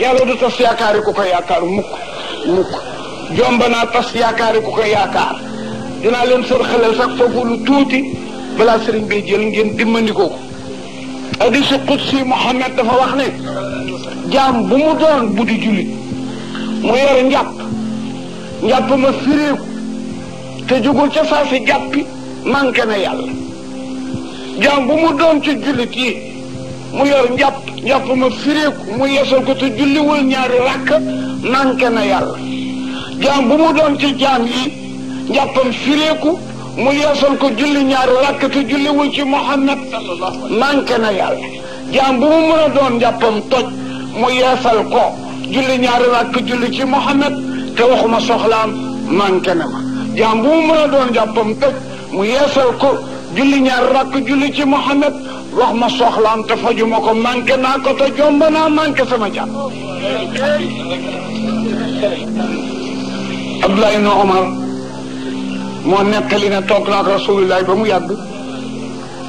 yàlla du tas yaakaari ku ko yaakaar mukk mukk jomba naa tas yaakaari ku ko yaakaar dinaa leen sor xelal sax foofu lu tuuti balaa sëriñ bi jël ngeen dimmandikoo ko hadiisu qudsi Muhammad dafa wax ne jaam bu mu doon bu di jullit mu yor njàpp njàpp ma firéeku te jugul ca si jàppi manqué na yàlla jaam bu mu doon ci jullit yi mu yor njàpp njàpp ma fireeku mu yeesal ko te julliwul ñaari rakk manqué na yàlla jaam bu mu doon ci jaam yi njàppam fireeku mu yeesal ko julli ñaari rakk te julliwul ci Muhammad manqué na yàlla jaam bu mu mën a doon njàppam toj mu yeesal ko julli ñaari rakk julli ci Muhammad te waxuma soxlaam manqué na mën a doon njàppam toj mu yeesal ko julli ñaari rakk julli ci Muhammad wax ma soxlaam fajuma ko manqué naa ko te jomb naa manqué sama jàpp Abdullah ibn Omar moo nettali ne toog naa ko ba mu yàgg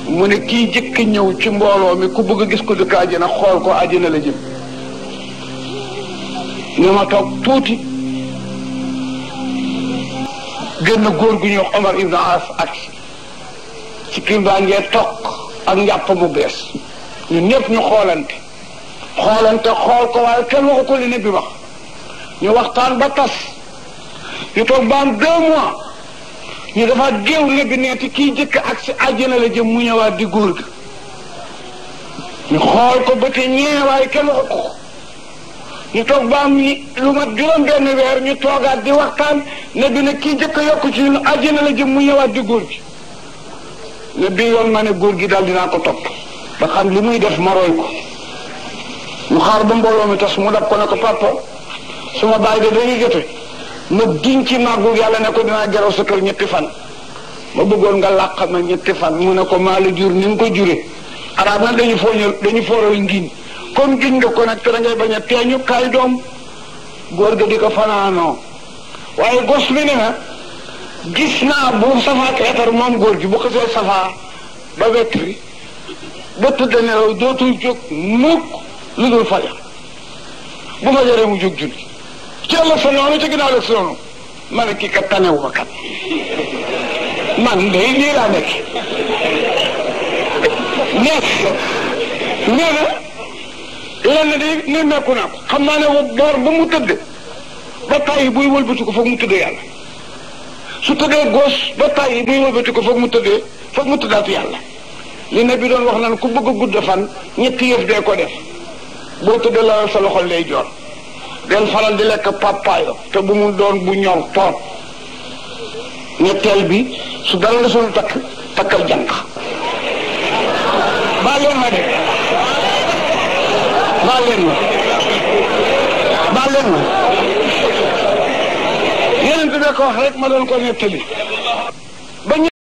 mu ne kii jëkk ñëw ci mbooloo mi ku bëgg a gis ko dëkk àjjana xool ko àjjana la jëm ñu ma toog tuuti génn góor gu ñuy wax Omar ibn ak ci kii baa ngee toog ak njàpp mu bees ñun ñëpp ñu xoolante xoolante xool ko waaye kenn waxu ko li ne bi wax ñu waxtaan ba tas ñu toog ba am deux mois ñu dafa géew ne bi neeti kii jëkk ak si àjjana la jëm mu ñëwaat di góor gi ñu xool ko bëti ñee waaye kenn waxu ko ñu toog ba lu mat juróom benn weer ñu toogaat di waxtaan ne bi ne kii jëkk yokku ci ñun àjjana la jëm mu ñëwaat di góor gi ne bi yoon ma ne góor gi daal dinaa ko topp ba xam li muy def ma roy ko mu xaar ba mbooloo mi tas mu dab ko na ko papa suma baay de dañuy jote ma giñ ci màggu yàlla ne ko dinaa jaraw sa kër ñetti fan ma bëggoon nga làq ma ñetti fan mu ne ko maa la jur ni nga ko jure arab nag dañu fooñal dañu fooral ngiñ comme giñ nga ko nag te da ngay bañ a teeñu kaay doom góor ga di ko fanaanoo waaye gos bi ne na gis naa buur safa ak wetar moom góor gi bu xasee safa ba wetri ba tëdd nelaw dootul jóg mukk lu dul fajar bu ma jaree mu jóg julli ci la sa noonu ci ginnaaw la sa noonu ma ne kii kat man day lii laa nekk nekk nee na lenn di nemmeeku naa ko xam naa ne boor ba mu tëdd ba tàyyi buy wëlbati ko foog mu tëdd yàlla su tëddee gauche ba tàyyi buy wëlbati ko foog mu tëddee foog mu tëddaat yàlla li ne bi doon wax naan ku bëgg a gudd fan ñetti yëf dee ko def boo tëddee la sa loxo joor faral di lekk papayo te bu mu doon bu ñor toon ñetteel bi su dara la sul takk takkal jànq baa leen ma de baa leen ma baa leen ma ko wax rek ma doon ko nettali